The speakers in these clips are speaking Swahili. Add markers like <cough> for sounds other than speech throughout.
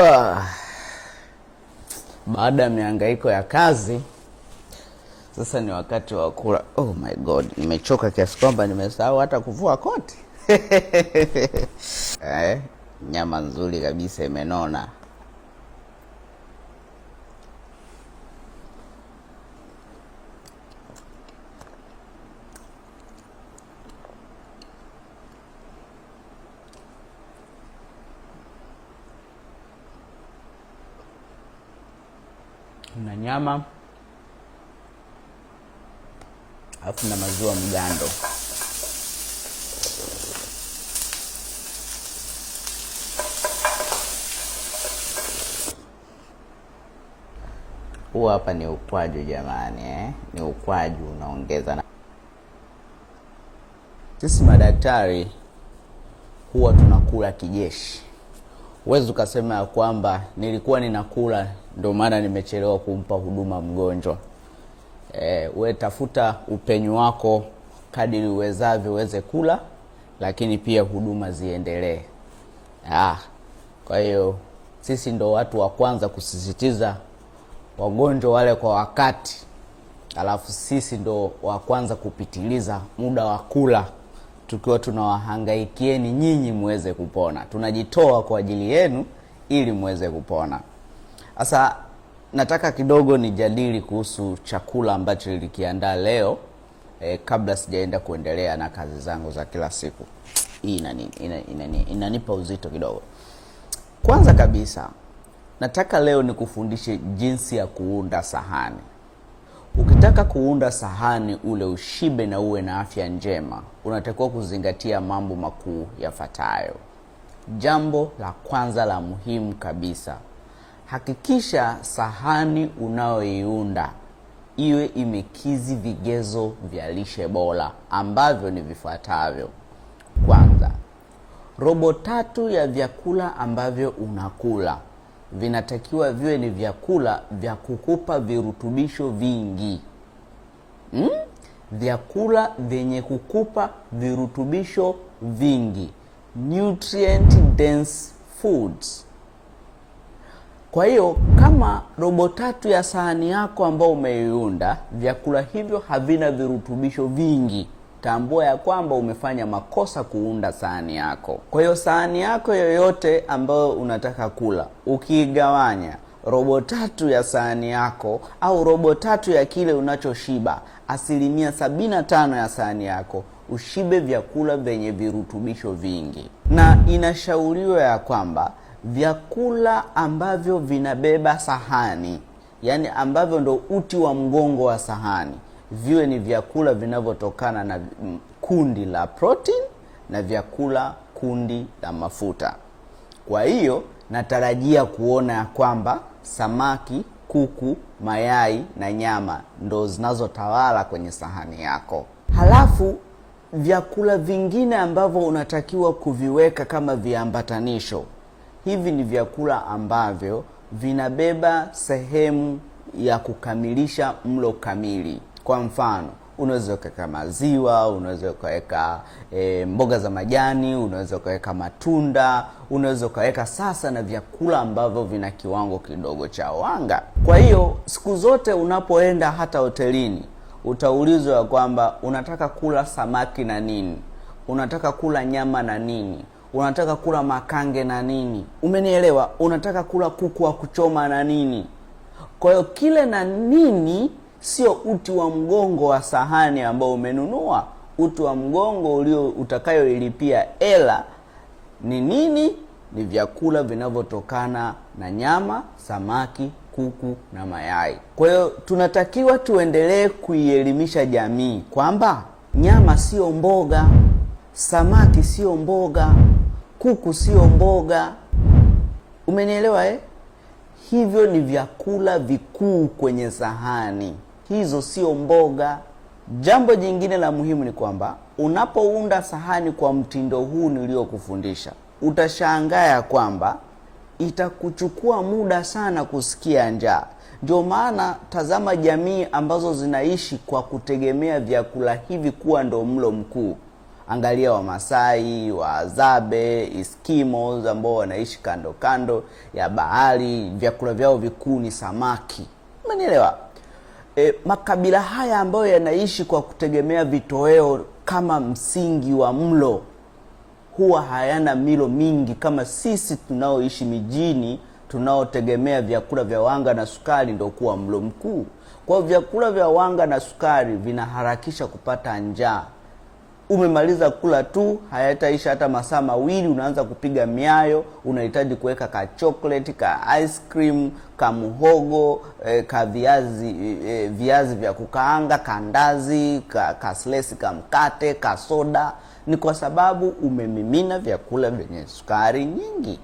Ah. baada ya mihangaiko ya kazi sasa ni wakati wa kula. Oh my God, nimechoka kiasi kwamba nimesahau hata kuvua koti <laughs> eh, nyama nzuri kabisa imenona. na nyama alafu na maziwa mgando. Huu hapa ni ukwaju jamani, eh? Ni ukwaju unaongeza na sisi madaktari huwa tunakula kijeshi huwezi ukasema ya kwamba nilikuwa ninakula ndio maana nimechelewa kumpa huduma mgonjwa. E, we tafuta upenyu wako kadiri uwezavyo, uweze kula lakini pia huduma ziendelee. Ah, kwa hiyo sisi ndo watu wa kwanza kusisitiza wagonjwa wale kwa wakati, alafu sisi ndo wa kwanza kupitiliza muda wa kula tukiwa tunawahangaikieni nyinyi muweze kupona, tunajitoa kwa ajili yenu ili muweze kupona. Sasa nataka kidogo nijadili kuhusu chakula ambacho ilikiandaa leo eh, kabla sijaenda kuendelea na kazi zangu za kila siku. Hii ina, ina, ina, inanipa uzito kidogo. Kwanza kabisa nataka leo nikufundishe jinsi ya kuunda sahani. Ukitaka kuunda sahani ule ushibe na uwe na afya njema, unatakiwa kuzingatia mambo makuu yafuatayo. Jambo la kwanza la muhimu kabisa, hakikisha sahani unayoiunda iwe imekizi vigezo vya lishe bora ambavyo ni vifuatavyo. Kwanza, robo tatu ya vyakula ambavyo unakula vinatakiwa viwe ni vyakula vya kukupa virutubisho vingi hmm? Vyakula vyenye kukupa virutubisho vingi, nutrient dense foods. Kwa hiyo kama robo tatu ya sahani yako ambayo umeiunda, vyakula hivyo havina virutubisho vingi, tambua ya kwamba umefanya makosa kuunda sahani yako. Kwa hiyo sahani yako yoyote ambayo unataka kula, ukiigawanya robo tatu ya sahani yako au robo tatu ya kile unachoshiba, asilimia sabini na tano ya sahani yako ushibe vyakula vyenye virutubisho vingi, na inashauriwa ya kwamba vyakula ambavyo vinabeba sahani, yaani ambavyo ndo uti wa mgongo wa sahani viwe ni vyakula vinavyotokana na kundi la protein na vyakula kundi la mafuta. Kwa hiyo natarajia kuona kwamba samaki, kuku, mayai na nyama ndo zinazotawala kwenye sahani yako. Halafu vyakula vingine ambavyo unatakiwa kuviweka kama viambatanisho, hivi ni vyakula ambavyo vinabeba sehemu ya kukamilisha mlo kamili. Kwa mfano unaweza ukaweka maziwa, unaweza ukaweka e, mboga za majani, unaweza ukaweka matunda, unaweza ukaweka sasa na vyakula ambavyo vina kiwango kidogo cha wanga. Kwa hiyo siku zote unapoenda hata hotelini utaulizwa ya kwamba unataka kula samaki na nini, unataka kula nyama na nini, unataka kula makange na nini, umenielewa? Unataka kula kuku wa kuchoma na nini. Kwa hiyo kile na nini sio uti wa mgongo wa sahani ambao umenunua. Uti wa mgongo ulio utakayoilipia ela ni nini? Ni vyakula vinavyotokana na nyama, samaki, kuku na mayai. Kwa hiyo tunatakiwa tuendelee kuielimisha jamii kwamba nyama sio mboga, samaki sio mboga, kuku sio mboga. Umenielewa eh? Hivyo ni vyakula vikuu kwenye sahani hizo sio mboga. Jambo jingine la muhimu ni kwamba unapounda sahani kwa mtindo huu niliokufundisha, utashangaa ya kwamba itakuchukua muda sana kusikia njaa. Ndio maana tazama jamii ambazo zinaishi kwa kutegemea vyakula hivi kuwa ndo mlo mkuu. Angalia Wamasai, Wazabe, Eskimos ambao wanaishi kando kando ya bahari, vyakula vyao vikuu ni samaki. Umenielewa? e, makabila haya ambayo yanaishi kwa kutegemea vitoweo kama msingi wa mlo huwa hayana milo mingi kama sisi tunaoishi mijini tunaotegemea vyakula vya wanga na sukari ndio kuwa mlo mkuu. Kwa vyakula vya wanga na sukari vinaharakisha kupata njaa umemaliza kula tu, hayataisha hata masaa mawili, unaanza kupiga miayo. Unahitaji kuweka ka chocolate, ka ice cream, ka muhogo eh, ka viazi eh, viazi vya kukaanga, kandazi, ka, ka slesi, ka mkate, ka soda. Ni kwa sababu umemimina vyakula vyenye sukari nyingi.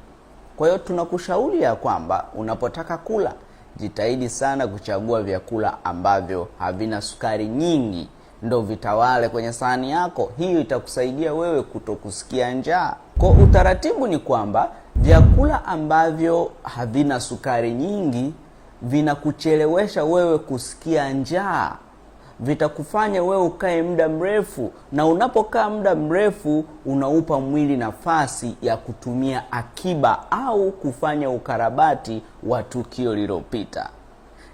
Kwa hiyo tunakushauri ya kwamba unapotaka kula, jitahidi sana kuchagua vyakula ambavyo havina sukari nyingi ndo vitawale kwenye sahani yako. Hiyo itakusaidia wewe kutokusikia njaa. Kwa utaratibu ni kwamba vyakula ambavyo havina sukari nyingi vinakuchelewesha wewe kusikia njaa, vitakufanya wewe ukae muda mrefu, na unapokaa muda mrefu unaupa mwili nafasi ya kutumia akiba au kufanya ukarabati wa tukio lililopita.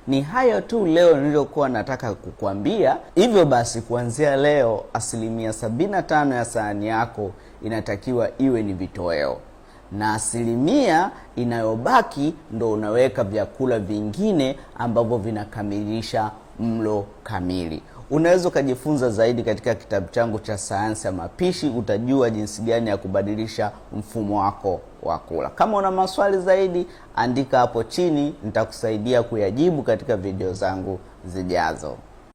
Ni hayo tu leo niliyokuwa nataka kukwambia. Hivyo basi, kuanzia leo asilimia 75 ya sahani yako inatakiwa iwe ni vitoweo na asilimia inayobaki ndo unaweka vyakula vingine ambavyo vinakamilisha mlo kamili. Unaweza ukajifunza zaidi katika kitabu changu cha sayansi ya mapishi. Utajua jinsi gani ya kubadilisha mfumo wako wa kula. Kama una maswali zaidi, andika hapo chini, nitakusaidia kuyajibu katika video zangu zijazo.